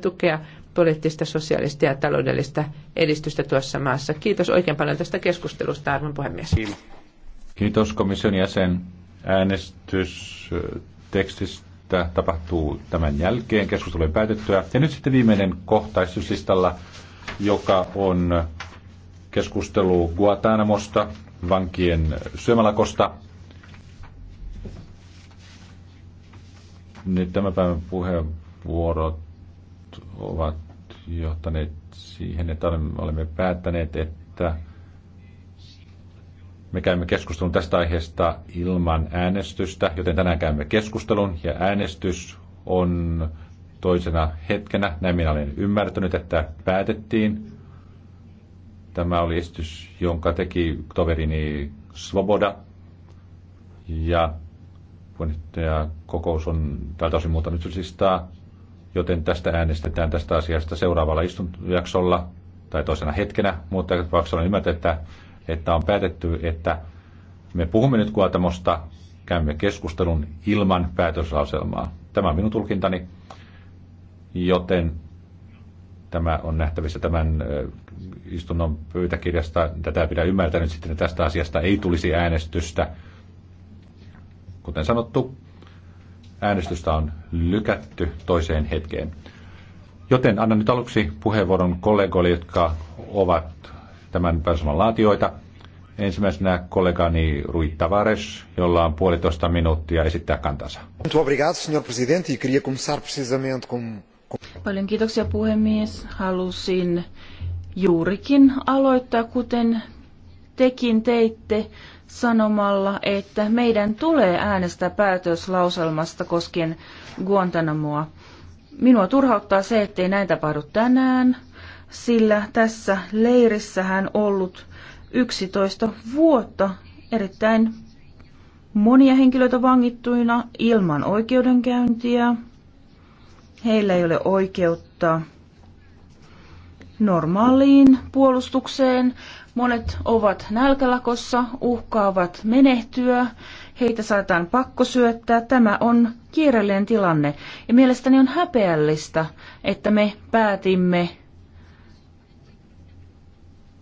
tukea poliittista, sosiaalista ja taloudellista edistystä tuossa maassa. Kiitos oikein paljon tästä keskustelusta, arvon puhemies. Kiitos komission jäsen. Äänestystekstistä tapahtuu tämän jälkeen keskustelun päätettyä. Ja nyt sitten viimeinen kohtaistuslistalla, joka on keskustelu Guantanamosta, vankien syömälakosta. Nyt tämän päivän puheenvuorot ovat johtaneet siihen, että olemme päättäneet, että me käymme keskustelun tästä aiheesta ilman äänestystä, joten tänään käymme keskustelun ja äänestys on toisena hetkenä. Näin minä olen ymmärtänyt, että päätettiin. Tämä oli esitys, jonka teki toverini Svoboda. Ja puheenjohtaja kokous on tältä osin nyt listaa joten tästä äänestetään tästä asiasta seuraavalla istuntojaksolla tai toisena hetkenä, mutta tapauksessa on ymmärtää, että on päätetty, että me puhumme nyt Kuatamosta, käymme keskustelun ilman päätöslauselmaa. Tämä on minun tulkintani, joten tämä on nähtävissä tämän istunnon pöytäkirjasta. Tätä pidä ymmärtää sitten, että tästä asiasta ei tulisi äänestystä. Kuten sanottu, Äänestystä on lykätty toiseen hetkeen. Joten annan nyt aluksi puheenvuoron kollegoille, jotka ovat tämän pääsoman laatioita. Ensimmäisenä kollegani Rui Tavares, jolla on puolitoista minuuttia esittää kantansa. E Paljon kiitoksia puhemies. Halusin juurikin aloittaa, kuten tekin teitte, sanomalla, että meidän tulee äänestää päätöslauselmasta koskien Guantanamoa. Minua turhauttaa se, ettei näin tapahdu tänään, sillä tässä leirissä hän ollut 11 vuotta erittäin monia henkilöitä vangittuina ilman oikeudenkäyntiä. Heillä ei ole oikeutta normaaliin puolustukseen. Monet ovat nälkälakossa, uhkaavat menehtyä, heitä saataan pakkosyöttää. Tämä on kiireellinen tilanne ja mielestäni on häpeällistä, että me päätimme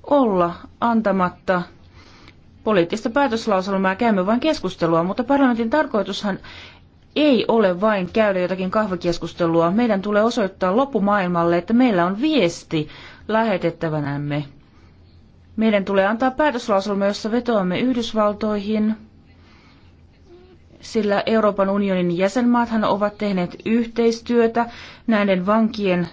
olla antamatta poliittista päätöslauselmaa ja käymme vain keskustelua, mutta parlamentin tarkoitushan ei ole vain käydä jotakin kahvakeskustelua. Meidän tulee osoittaa loppumaailmalle, että meillä on viesti lähetettävänämme. Meidän tulee antaa päätöslauselma, jossa vetoamme Yhdysvaltoihin, sillä Euroopan unionin jäsenmaathan ovat tehneet yhteistyötä näiden vankien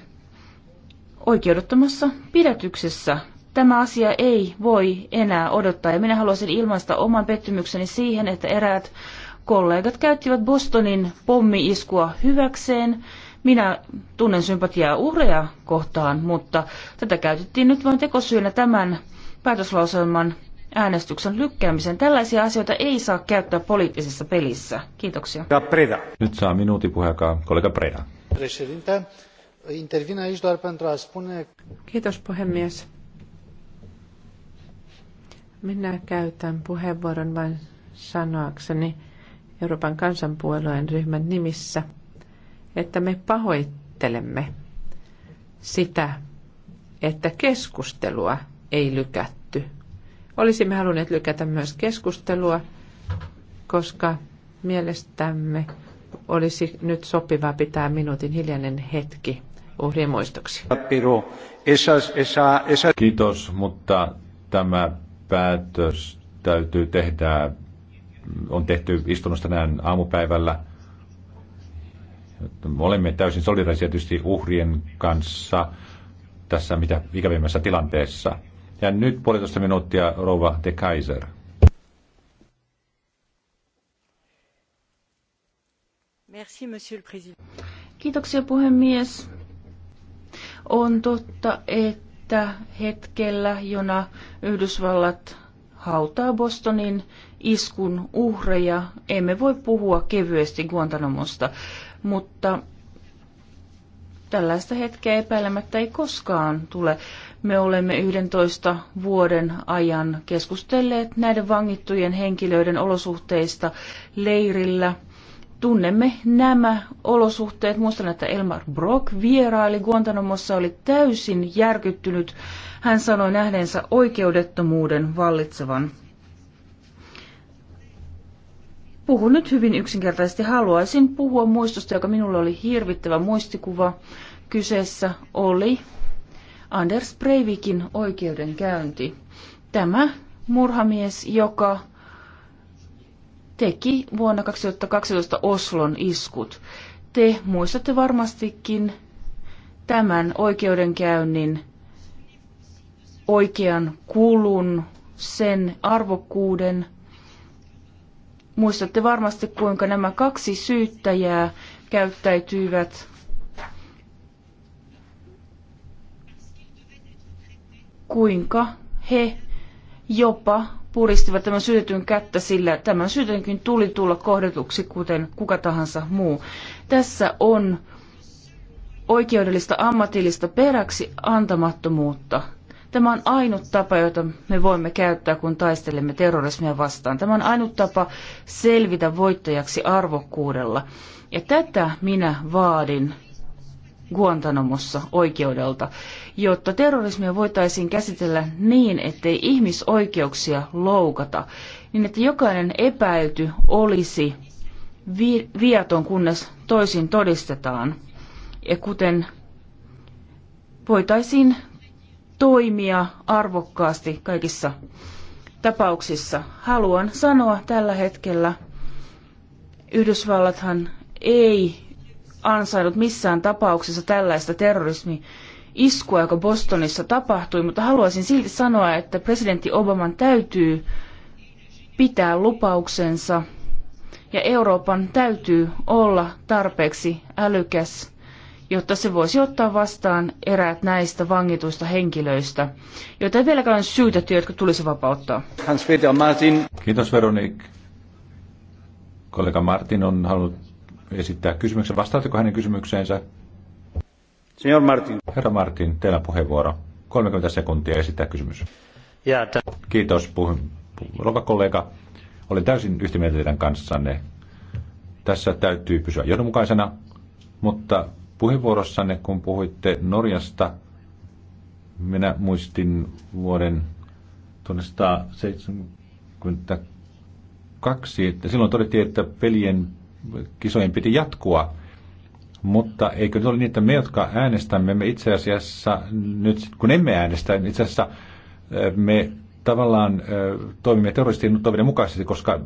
oikeudettomassa pidätyksessä. Tämä asia ei voi enää odottaa ja minä haluaisin ilmaista oman pettymykseni siihen, että eräät Kollegat käyttivät Bostonin pommi-iskua hyväkseen. Minä tunnen sympatiaa uhreja kohtaan, mutta tätä käytettiin nyt vain tekosyynä tämän päätöslauselman äänestyksen lykkäämisen. Tällaisia asioita ei saa käyttää poliittisessa pelissä. Kiitoksia. Preda. Nyt saa minuutin puheenjohtaja kollega Preda. Kiitos puhemies. Minä käytän puheenvuoron vain sanoakseni, Euroopan kansanpuolueen ryhmän nimissä, että me pahoittelemme sitä, että keskustelua ei lykätty. Olisimme halunneet lykätä myös keskustelua, koska mielestämme olisi nyt sopivaa pitää minuutin hiljainen hetki uhrien muistoksi. Kiitos, mutta tämä päätös täytyy tehdä on tehty istunnosta tänään aamupäivällä. Me olemme täysin solidaisia tietysti uhrien kanssa tässä mitä ikävimmässä tilanteessa. Ja nyt puolitoista minuuttia Rova de Kaiser. Merci, monsieur le président. Kiitoksia puhemies. On totta, että hetkellä, jona Yhdysvallat hautaa Bostonin iskun uhreja. Emme voi puhua kevyesti Guantanamosta, mutta tällaista hetkeä epäilemättä ei koskaan tule. Me olemme 11 vuoden ajan keskustelleet näiden vangittujen henkilöiden olosuhteista leirillä. Tunnemme nämä olosuhteet. Muistan, että Elmar Brock vieraili Guantanamossa, oli täysin järkyttynyt. Hän sanoi nähneensä oikeudettomuuden vallitsevan. Puhun nyt hyvin yksinkertaisesti. Haluaisin puhua muistosta, joka minulle oli hirvittävä muistikuva. Kyseessä oli Anders Breivikin oikeudenkäynti. Tämä murhamies, joka teki vuonna 2012 Oslon iskut. Te muistatte varmastikin tämän oikeudenkäynnin oikean kulun, sen arvokkuuden – Muistatte varmasti, kuinka nämä kaksi syyttäjää käyttäytyivät kuinka he jopa puristivat tämän syytetyn kättä, sillä tämän syytetynkin tuli tulla kohdetuksi kuten kuka tahansa muu. Tässä on oikeudellista ammatillista peräksi antamattomuutta Tämä on ainut tapa, jota me voimme käyttää, kun taistelemme terrorismia vastaan. Tämä on ainut tapa selvitä voittajaksi arvokkuudella. Ja tätä minä vaadin Guantanamossa oikeudelta, jotta terrorismia voitaisiin käsitellä niin, ettei ihmisoikeuksia loukata, niin että jokainen epäilty olisi vi- viaton, kunnes toisin todistetaan. Ja kuten voitaisiin toimia arvokkaasti kaikissa tapauksissa. Haluan sanoa tällä hetkellä, Yhdysvallathan ei ansainnut missään tapauksessa tällaista terrorismi iskua, joka Bostonissa tapahtui, mutta haluaisin silti sanoa, että presidentti Obaman täytyy pitää lupauksensa ja Euroopan täytyy olla tarpeeksi älykäs jotta se voisi ottaa vastaan eräät näistä vangituista henkilöistä, joita ei vieläkään syytetty, jotka tulisi vapauttaa. Hans Peter Martin. Kiitos Veronik. Kollega Martin on halunnut esittää kysymyksen. Vastaatteko hänen kysymykseensä? Signor Martin. Herra Martin, teillä on puheenvuoro. 30 sekuntia esittää kysymys. Yeah, Kiitos, puh- rouva kollega. Olen täysin yhtä mieltä teidän kanssanne. Tässä täytyy pysyä johdonmukaisena, mutta Puheenvuorossanne, kun puhuitte Norjasta, minä muistin vuoden 1972, että silloin todettiin, että pelien kisojen piti jatkua. Mutta eikö nyt ole niin, että me, jotka äänestämme, me itse asiassa nyt, kun emme äänestä, niin itse asiassa me tavallaan toimimme terroristien toiminnan mukaisesti, koska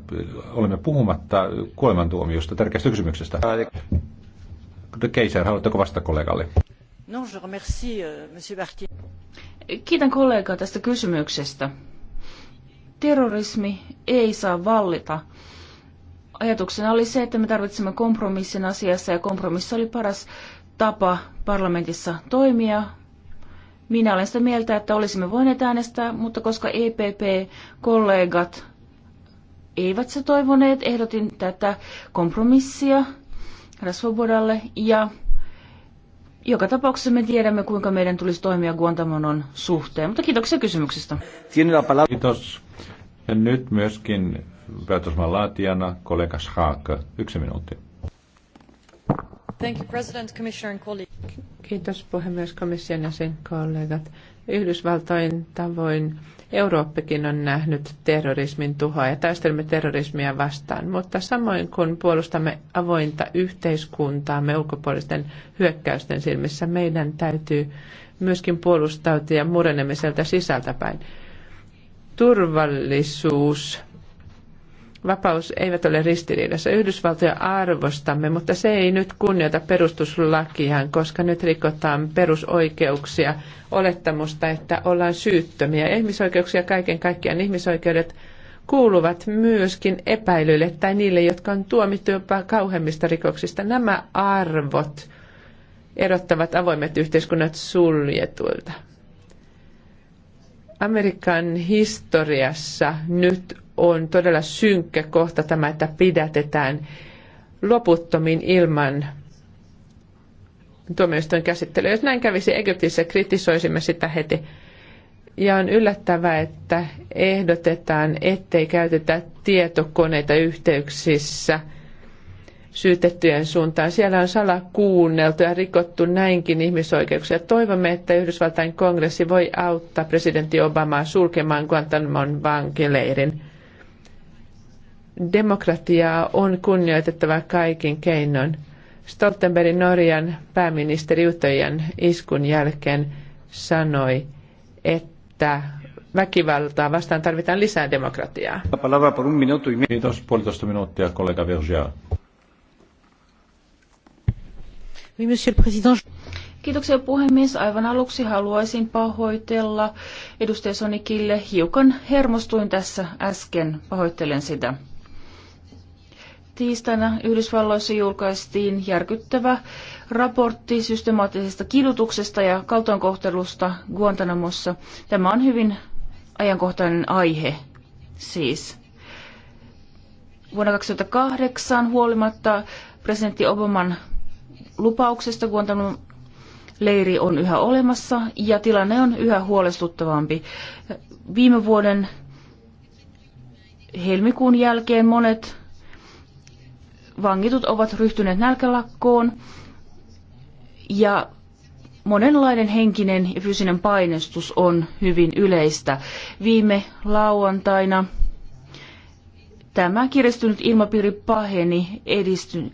olemme puhumatta kuolemantuomiosta tärkeästä kysymyksestä. Keiser, haluatteko vastata kollegalle? No, je remercie, euh, monsieur Kiitän kollegaa tästä kysymyksestä. Terrorismi ei saa vallita. Ajatuksena oli se, että me tarvitsemme kompromissin asiassa ja kompromissi oli paras tapa parlamentissa toimia. Minä olen sitä mieltä, että olisimme voineet äänestää, mutta koska EPP-kollegat eivät se toivoneet, ehdotin tätä kompromissia Rasvobodalle ja joka tapauksessa me tiedämme, kuinka meidän tulisi toimia Guantamonon suhteen. Mutta kiitoksia kysymyksestä. Kiitos. Ja nyt myöskin päätösmaan laatijana kollega Schaak. Yksi minuutti. Thank you, President, Commissioner and colleague. Kiitos puhemies komission jäsen kollegat. Yhdysvaltojen tavoin Eurooppakin on nähnyt terrorismin tuhoa ja taistelemme terrorismia vastaan, mutta samoin kun puolustamme avointa yhteiskuntaa, me ulkopuolisten hyökkäysten silmissä, meidän täytyy myöskin puolustautua murenemiselta sisältäpäin. Turvallisuus vapaus eivät ole ristiriidassa. Yhdysvaltoja arvostamme, mutta se ei nyt kunnioita perustuslakiaan, koska nyt rikotaan perusoikeuksia, olettamusta, että ollaan syyttömiä. Ihmisoikeuksia kaiken kaikkiaan ihmisoikeudet kuuluvat myöskin epäilyille tai niille, jotka on tuomittu jopa kauhemmista rikoksista. Nämä arvot erottavat avoimet yhteiskunnat suljetuilta. Amerikan historiassa nyt on todella synkkä kohta tämä, että pidätetään loputtomin ilman tuomioistuin käsittelyä. Jos näin kävisi Egyptissä, kritisoisimme sitä heti. Ja on yllättävää, että ehdotetaan, ettei käytetä tietokoneita yhteyksissä syytettyjen suuntaan. Siellä on kuunneltu ja rikottu näinkin ihmisoikeuksia. Toivomme, että Yhdysvaltain kongressi voi auttaa presidentti Obamaa sulkemaan Guantanamon vankileirin. Demokratiaa on kunnioitettava kaikin keinoin. Stoltenbergin Norjan pääministeri Utöjän iskun jälkeen sanoi, että väkivaltaa vastaan tarvitaan lisää demokratiaa. Kiitos puolitoista minuuttia, kollega Virgia. Kiitoksia puhemies. Aivan aluksi haluaisin pahoitella edustaja Sonikille. Hiukan hermostuin tässä äsken. Pahoittelen sitä tiistaina Yhdysvalloissa julkaistiin järkyttävä raportti systemaattisesta kidutuksesta ja kaltoinkohtelusta Guantanamossa. Tämä on hyvin ajankohtainen aihe siis. Vuonna 2008 huolimatta presidentti Obaman lupauksesta Guantanamon leiri on yhä olemassa ja tilanne on yhä huolestuttavampi. Viime vuoden helmikuun jälkeen monet vangitut ovat ryhtyneet nälkälakkoon ja monenlainen henkinen ja fyysinen painostus on hyvin yleistä. Viime lauantaina tämä kiristynyt ilmapiiri paheni edisty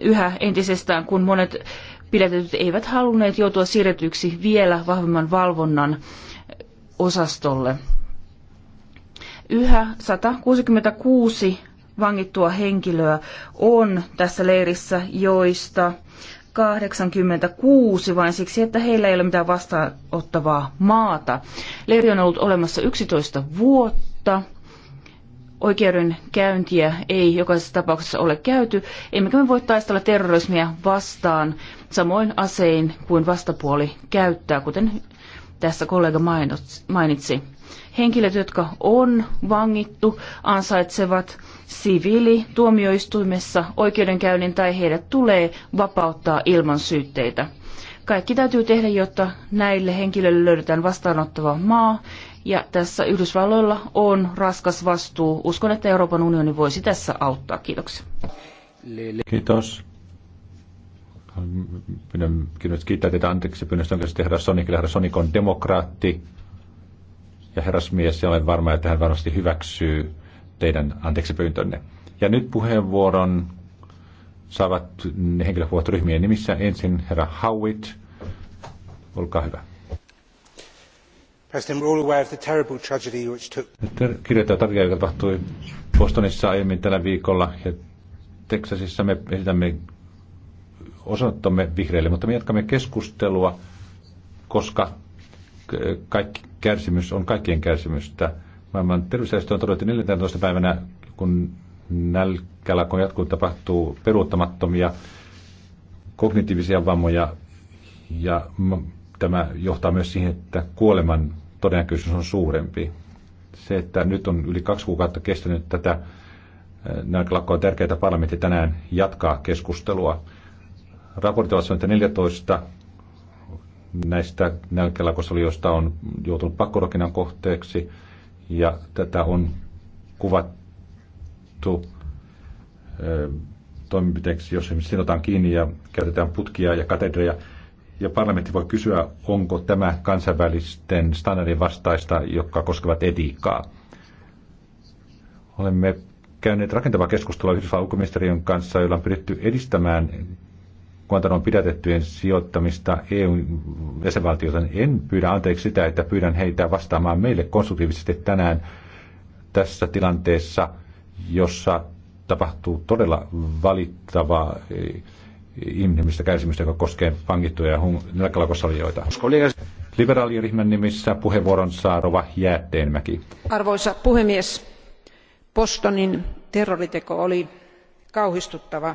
yhä entisestään, kun monet pidätetyt eivät halunneet joutua siirretyksi vielä vahvemman valvonnan osastolle. Yhä 166 vangittua henkilöä on tässä leirissä, joista 86 vain siksi, että heillä ei ole mitään vastaanottavaa maata. Leiri on ollut olemassa 11 vuotta. Oikeudenkäyntiä ei jokaisessa tapauksessa ole käyty, emmekä me voi taistella terrorismia vastaan samoin asein kuin vastapuoli käyttää, kuten tässä kollega mainitsi henkilöt, jotka on vangittu, ansaitsevat siviili tuomioistuimessa oikeudenkäynnin tai heidät tulee vapauttaa ilman syytteitä. Kaikki täytyy tehdä, jotta näille henkilöille löydetään vastaanottava maa, ja tässä Yhdysvalloilla on raskas vastuu. Uskon, että Euroopan unioni voisi tässä auttaa. Kiitoksia. Kiitos. Pyydän kiittää teitä anteeksi pyynnöstä, onko se herra Sonik, demokraatti ja herrasmies, ja olen varma, että hän varmasti hyväksyy teidän anteeksi pyyntönne. Ja nyt puheenvuoron saavat henkilöpuhut ryhmien nimissä. Ensin herra Howitt, olkaa hyvä. President, we're all aware of the terrible tragedy which took... Kirjoittaja tragedia, joka tapahtui Bostonissa aiemmin tällä viikolla ja Teksasissa me esitämme osoittamme vihreille, mutta me jatkamme keskustelua, koska kaikki kärsimys on kaikkien kärsimystä. Maailman terveysjärjestö on todettu 14. päivänä, kun nälkälakon jatkuu, tapahtuu peruuttamattomia kognitiivisia vammoja ja tämä johtaa myös siihen, että kuoleman todennäköisyys on suurempi. Se, että nyt on yli kaksi kuukautta kestänyt tätä nälkälakkoa on tärkeää, että parlamentti tänään jatkaa keskustelua. Raportit ovat että 14 näistä nälkälakosolijoista on joutunut pakkorokinan kohteeksi ja tätä on kuvattu toimenpiteeksi, jos esimerkiksi sidotaan kiinni ja käytetään putkia ja katedreja. Ja parlamentti voi kysyä, onko tämä kansainvälisten standardien vastaista, jotka koskevat etiikkaa. Olemme käyneet rakentavaa keskustelua Yhdysvallan ulkoministeriön kanssa, jolla on pyritty edistämään Guantanamon pidätettyjen sijoittamista eu niin en pyydä anteeksi sitä, että pyydän heitä vastaamaan meille konstruktiivisesti tänään tässä tilanteessa, jossa tapahtuu todella valittava eh, inhimillistä kärsimystä, joka koskee vangittuja ja nälkälakossalijoita. Liberaaliryhmän nimissä puheenvuoron saa Rova Jäätteenmäki. Arvoisa puhemies, Bostonin terroriteko oli kauhistuttava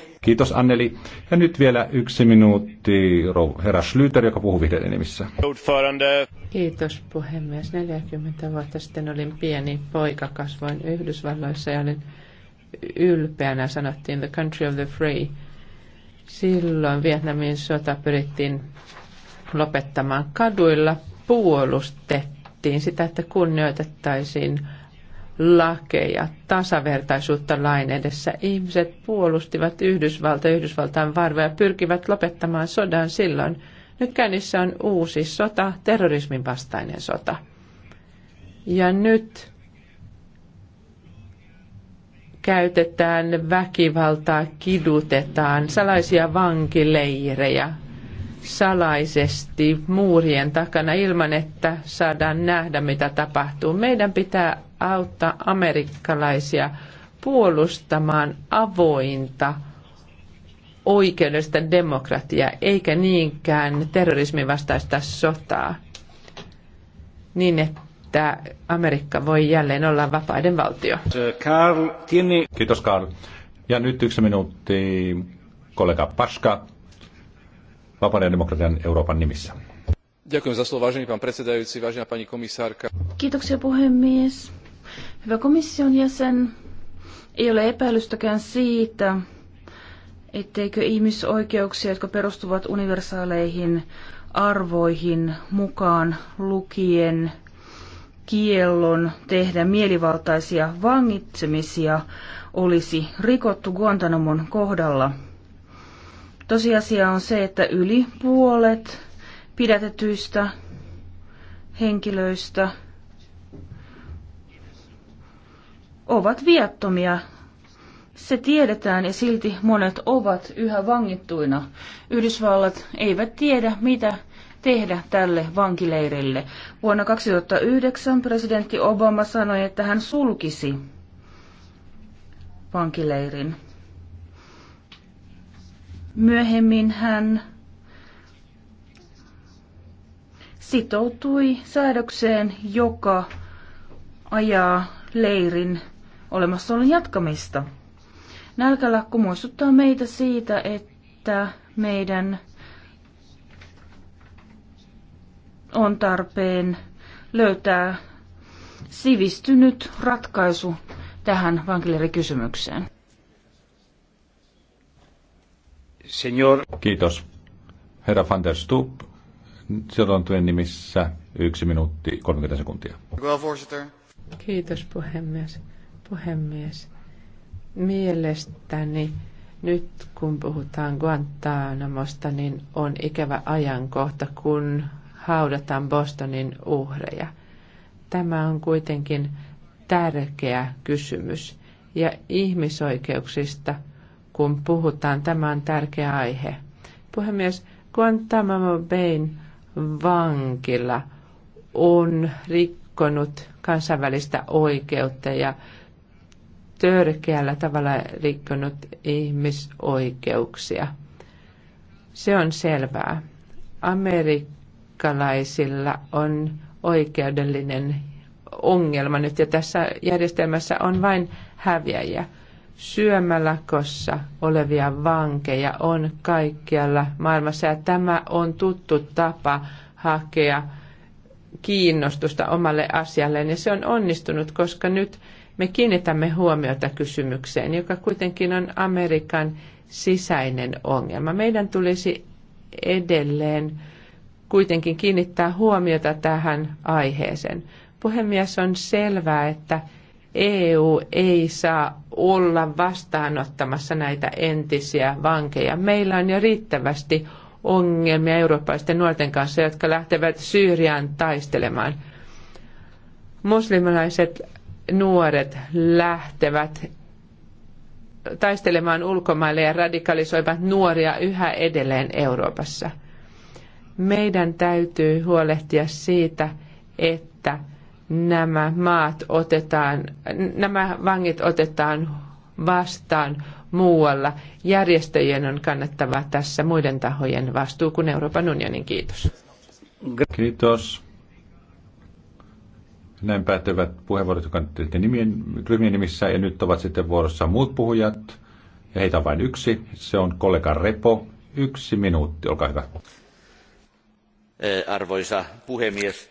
Kiitos Anneli. Ja nyt vielä yksi minuutti herra Schlüter, joka puhuu vihreiden enemmissä. Kiitos puhemies. 40 vuotta sitten olin pieni poika, kasvoin Yhdysvalloissa ja olin ylpeänä, sanottiin the country of the free. Silloin Vietnamin sota pyrittiin lopettamaan kaduilla, puolustettiin sitä, että kunnioitettaisiin lakeja, tasavertaisuutta lain edessä. Ihmiset puolustivat Yhdysvalta, Yhdysvaltain varvoja, pyrkivät lopettamaan sodan silloin. Nyt käynnissä on uusi sota, terrorismin vastainen sota. Ja nyt käytetään väkivaltaa, kidutetaan, salaisia vankileirejä, salaisesti muurien takana ilman, että saadaan nähdä, mitä tapahtuu. Meidän pitää auttaa amerikkalaisia puolustamaan avointa oikeudellista demokratiaa, eikä niinkään terrorismin vastaista sotaa, niin että Amerikka voi jälleen olla vapaiden valtio. Karl, Kiitos Karl. Ja nyt yksi minuutti kollega Paska vapauden ja demokratian Euroopan nimissä. Kiitoksia puhemies. Hyvä komission jäsen, ei ole epäilystäkään siitä, etteikö ihmisoikeuksia, jotka perustuvat universaaleihin arvoihin mukaan lukien kiellon tehdä mielivaltaisia vangitsemisia olisi rikottu Guantanamon kohdalla – Tosiasia on se, että yli puolet pidätetyistä henkilöistä ovat viattomia. Se tiedetään ja silti monet ovat yhä vangittuina. Yhdysvallat eivät tiedä, mitä tehdä tälle vankileirille. Vuonna 2009 presidentti Obama sanoi, että hän sulkisi vankileirin. Myöhemmin hän sitoutui säädökseen, joka ajaa leirin olemassaolon jatkamista. Nälkälakko muistuttaa meitä siitä, että meidän on tarpeen löytää sivistynyt ratkaisu tähän vankileirikysymykseen. Senior. Kiitos. Herra van der Stoep, sidontujen nimissä yksi minuutti 30 sekuntia. Kiitos puhemies. puhemies. Mielestäni nyt kun puhutaan Guantanamosta, niin on ikävä ajankohta, kun haudataan Bostonin uhreja. Tämä on kuitenkin tärkeä kysymys ja ihmisoikeuksista – kun puhutaan. Tämä on tärkeä aihe. Puhemies, Guantanamo Bayn vankila on rikkonut kansainvälistä oikeutta ja törkeällä tavalla rikkonut ihmisoikeuksia. Se on selvää. Amerikkalaisilla on oikeudellinen ongelma nyt ja tässä järjestelmässä on vain häviäjiä syömälakossa olevia vankeja on kaikkialla maailmassa ja tämä on tuttu tapa hakea kiinnostusta omalle asialleen ja se on onnistunut, koska nyt me kiinnitämme huomiota kysymykseen, joka kuitenkin on Amerikan sisäinen ongelma. Meidän tulisi edelleen kuitenkin kiinnittää huomiota tähän aiheeseen. Puhemies, on selvää, että EU ei saa olla vastaanottamassa näitä entisiä vankeja. Meillä on jo riittävästi ongelmia eurooppalaisten nuorten kanssa, jotka lähtevät Syyriaan taistelemaan. Muslimalaiset nuoret lähtevät taistelemaan ulkomaille ja radikalisoivat nuoria yhä edelleen Euroopassa. Meidän täytyy huolehtia siitä, että nämä maat otetaan, nämä vangit otetaan vastaan muualla. Järjestöjen on kannattava tässä muiden tahojen vastuu kuin Euroopan unionin. Kiitos. Kiitos. Näin päättyvät puheenvuorot, jotka nyt ryhmien nimissä, ja nyt ovat sitten vuorossa muut puhujat. Ja heitä on vain yksi, se on kollega Repo. Yksi minuutti, olkaa hyvä. Arvoisa puhemies,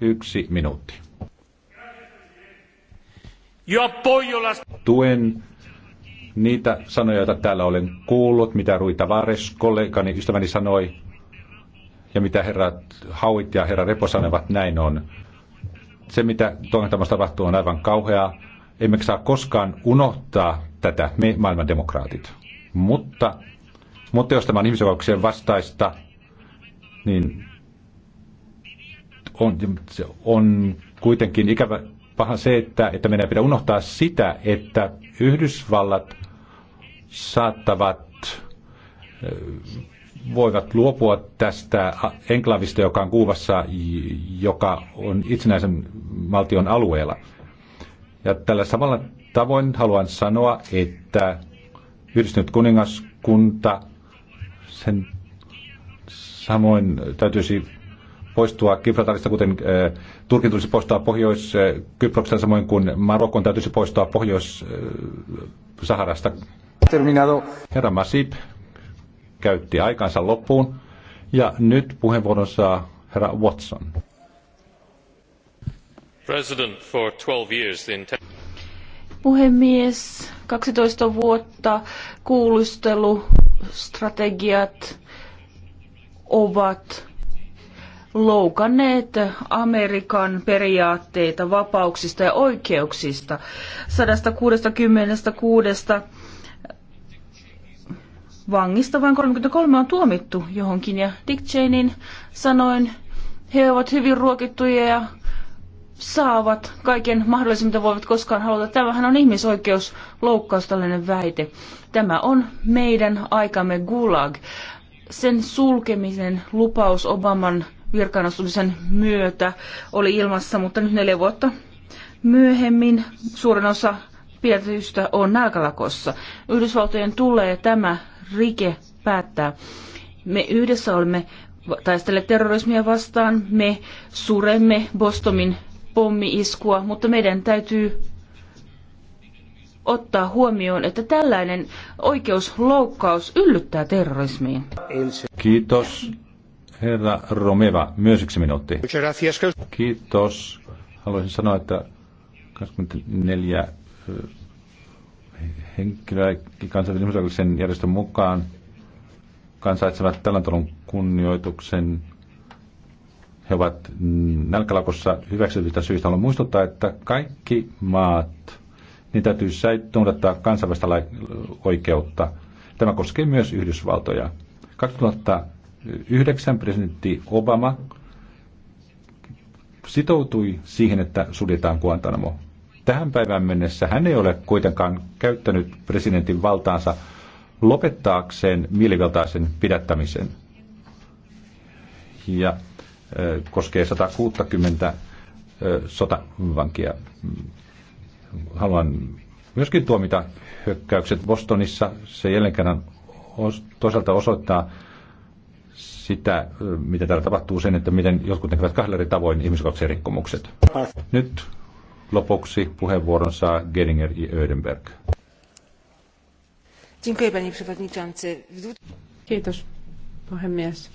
Yksi minuutti. Tuen niitä sanoja, joita täällä olen kuullut, mitä Rui Tavares, kollegani, ystäväni sanoi, ja mitä herra Hauit ja herra Repo sanovat, näin on. Se, mitä toimintamassa tapahtuu, on aivan kauheaa. Emme saa koskaan unohtaa tätä, me maailman demokraatit. Mutta, mutta jos tämä on ihmisoikeuksien vastaista, niin on, on kuitenkin ikävä paha se, että, että meidän pitää unohtaa sitä, että Yhdysvallat saattavat voivat luopua tästä enklavista, joka on Kuuvassa, joka on itsenäisen valtion alueella. Ja tällä samalla tavoin haluan sanoa, että yhdistynyt kuningaskunta, sen samoin täytyisi poistua Gibraltarista, kuten äh, Turkin tulisi poistua Pohjois-Kyproksesta, äh, samoin kuin Marokon täytyisi poistua Pohjois-Saharasta. Äh, Terminado. Herra Masip käytti aikansa loppuun ja nyt puheenvuoron saa herra Watson. President for 12 years, the puhemies, 12 vuotta kuulustelustrategiat ovat loukanneet Amerikan periaatteita vapauksista ja oikeuksista. 166 vangista vain 33 on tuomittu johonkin ja Dick Cheneyn sanoin, he ovat hyvin ruokittuja ja saavat kaiken mahdollisen, mitä voivat koskaan haluta. Tämähän on ihmisoikeusloukkaus, tällainen väite. Tämä on meidän aikamme gulag. Sen sulkemisen lupaus Obaman virkaanastumisen myötä oli ilmassa, mutta nyt neljä vuotta myöhemmin suurin osa pidätetyistä on nälkälakossa. Yhdysvaltojen tulee tämä rike päättää. Me yhdessä olemme taistelleet terrorismia vastaan, me suremme Bostonin pommi-iskua, mutta meidän täytyy ottaa huomioon, että tällainen oikeusloukkaus yllyttää terrorismiin. Kiitos. Herra Romeva, myös yksi minuutti. Kiitos. Haluaisin sanoa, että 24 eh, henkilöä kansainvälisen järjestön mukaan kansaitsevat talontalon kunnioituksen. He ovat nälkälakossa hyväksytystä syistä. Haluan muistuttaa, että kaikki maat, niin täytyy noudattaa kansainvälistä oikeutta. Tämä koskee myös Yhdysvaltoja. 2000 Yhdeksän presidentti Obama sitoutui siihen, että suljetaan Guantanamo. Tähän päivään mennessä hän ei ole kuitenkaan käyttänyt presidentin valtaansa lopettaakseen mielivaltaisen pidättämisen. Ja koskee 160 sotavankia. Haluan myöskin tuomita hyökkäykset Bostonissa. Se jälleen kerran toisaalta osoittaa, sitä, mitä täällä tapahtuu, sen, että miten jotkut näkevät kahdella eri tavoin ihmisoikeuksien rikkomukset. Nyt lopuksi puheenvuoron saa Geringer i Ödenberg. Kiitos, puhemies.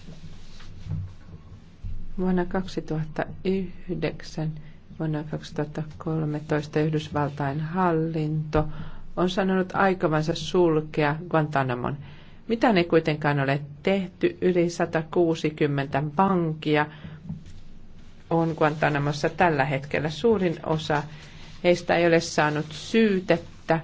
Vuonna 2009 vuonna 2013 Yhdysvaltain hallinto on sanonut aikavansa sulkea Guantanamon. Mitä ne kuitenkaan ole tehty? Yli 160 pankia on Guantanamossa tällä hetkellä. Suurin osa heistä ei ole saanut syytettä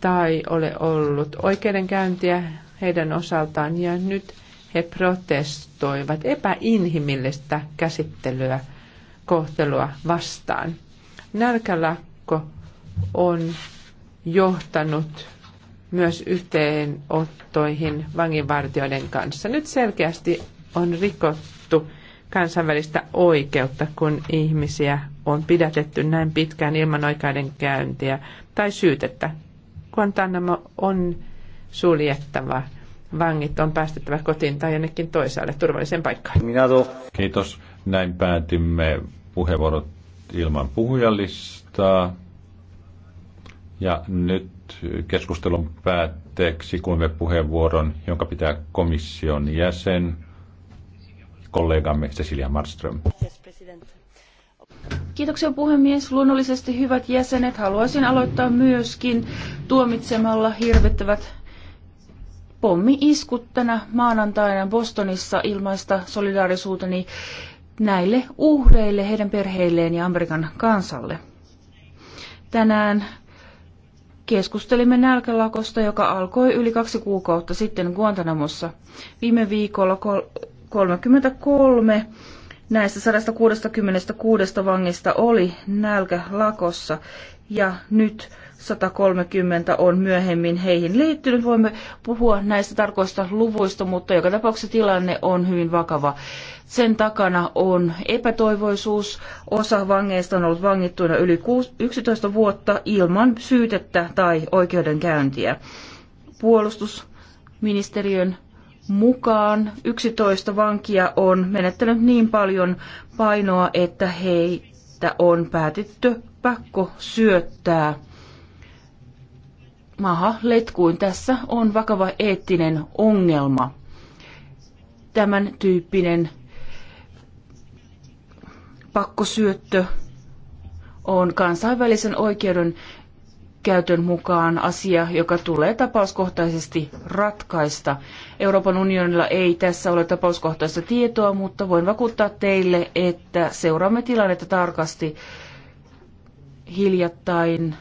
tai ole ollut oikeudenkäyntiä heidän osaltaan ja nyt he protestoivat epäinhimillistä käsittelyä kohtelua vastaan. Nälkälakko on johtanut myös yhteenottoihin vanginvartijoiden kanssa. Nyt selkeästi on rikottu kansainvälistä oikeutta, kun ihmisiä on pidätetty näin pitkään ilman oikeudenkäyntiä tai syytettä. Guantanamo on suljettava. Vangit on päästettävä kotiin tai jonnekin toisaalle turvalliseen paikkaan. Minä tuo. Kiitos. Näin päätimme puheenvuorot ilman puhujalistaa. Ja nyt keskustelun päätteeksi kuimme puheenvuoron, jonka pitää komission jäsen, kollegamme Cecilia Marström. Kiitoksia puhemies. Luonnollisesti hyvät jäsenet, haluaisin aloittaa myöskin tuomitsemalla hirvittävät pommi-iskut tänä maanantaina Bostonissa ilmaista solidaarisuuteni näille uhreille, heidän perheilleen ja Amerikan kansalle. Tänään Keskustelimme nälkälakosta, joka alkoi yli kaksi kuukautta sitten Guantanamossa. Viime viikolla 33 näistä 166 vangista oli nälkälakossa ja nyt 130 on myöhemmin heihin liittynyt. Voimme puhua näistä tarkoista luvuista, mutta joka tapauksessa tilanne on hyvin vakava. Sen takana on epätoivoisuus. Osa vangeista on ollut vangittuina yli 11 vuotta ilman syytettä tai oikeudenkäyntiä. Puolustusministeriön mukaan 11 vankia on menettänyt niin paljon painoa, että heitä on päätetty pakko syöttää maha letkuin. Tässä on vakava eettinen ongelma. Tämän tyyppinen pakkosyöttö on kansainvälisen oikeuden käytön mukaan asia, joka tulee tapauskohtaisesti ratkaista. Euroopan unionilla ei tässä ole tapauskohtaista tietoa, mutta voin vakuuttaa teille, että seuraamme tilannetta tarkasti hiljattain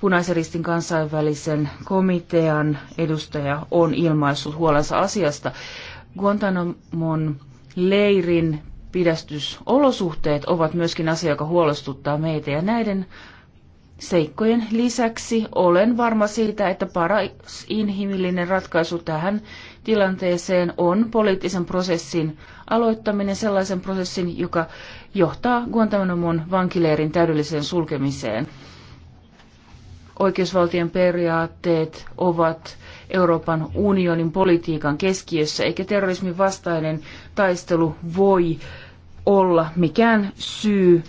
Punaisen ristin kansainvälisen komitean edustaja on ilmaissut huolensa asiasta. Guantanamon leirin pidästysolosuhteet ovat myöskin asia, joka huolestuttaa meitä ja näiden seikkojen lisäksi olen varma siitä, että paras inhimillinen ratkaisu tähän tilanteeseen on poliittisen prosessin aloittaminen, sellaisen prosessin, joka johtaa Guantanamon vankileirin täydelliseen sulkemiseen. Oikeusvaltion periaatteet ovat Euroopan unionin politiikan keskiössä, eikä terrorismin vastainen taistelu voi olla mikään syy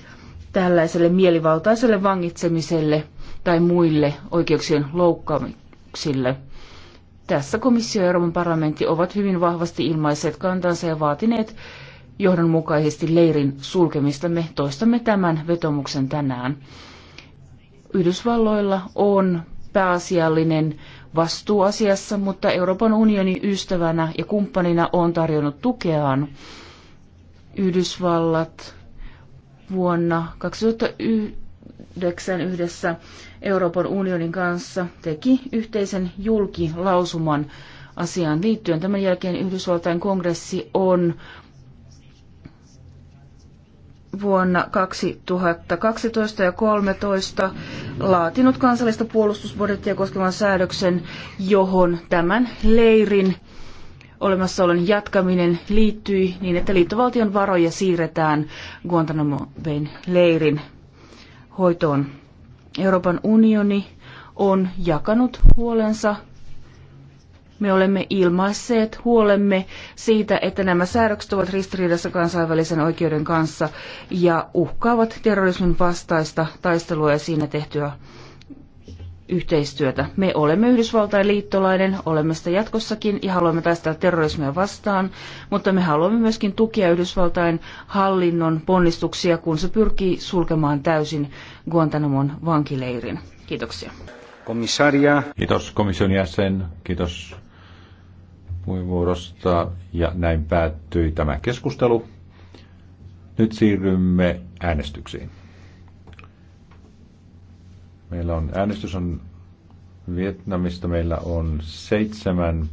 tällaiselle mielivaltaiselle vangitsemiselle tai muille oikeuksien loukkauksille. Tässä komissio ja Euroopan parlamentti ovat hyvin vahvasti ilmaiset kantansa ja vaatineet johdonmukaisesti leirin sulkemista. Me toistamme tämän vetomuksen tänään. Yhdysvalloilla on pääasiallinen vastuu asiassa, mutta Euroopan unioni ystävänä ja kumppanina on tarjonnut tukeaan. Yhdysvallat vuonna 2009 yhdessä Euroopan unionin kanssa teki yhteisen julkilausuman asiaan liittyen. Tämän jälkeen Yhdysvaltain kongressi on vuonna 2012 ja 2013 laatinut kansallista puolustusbudjettia koskevan säädöksen, johon tämän leirin olemassaolon jatkaminen liittyi niin, että liittovaltion varoja siirretään Guantanamo Bayn leirin hoitoon. Euroopan unioni on jakanut huolensa me olemme ilmaisseet huolemme siitä, että nämä säädökset ovat ristiriidassa kansainvälisen oikeuden kanssa ja uhkaavat terrorismin vastaista taistelua ja siinä tehtyä yhteistyötä. Me olemme Yhdysvaltain liittolainen, olemme sitä jatkossakin ja haluamme taistella terrorismia vastaan, mutta me haluamme myöskin tukea Yhdysvaltain hallinnon ponnistuksia, kun se pyrkii sulkemaan täysin Guantanamon vankileirin. Kiitoksia. Komissaria. Kiitos komission jäsen, kiitos puheenvuorosta ja näin päättyi tämä keskustelu. Nyt siirrymme äänestyksiin. Meillä on äänestys on Vietnamista, meillä on seitsemän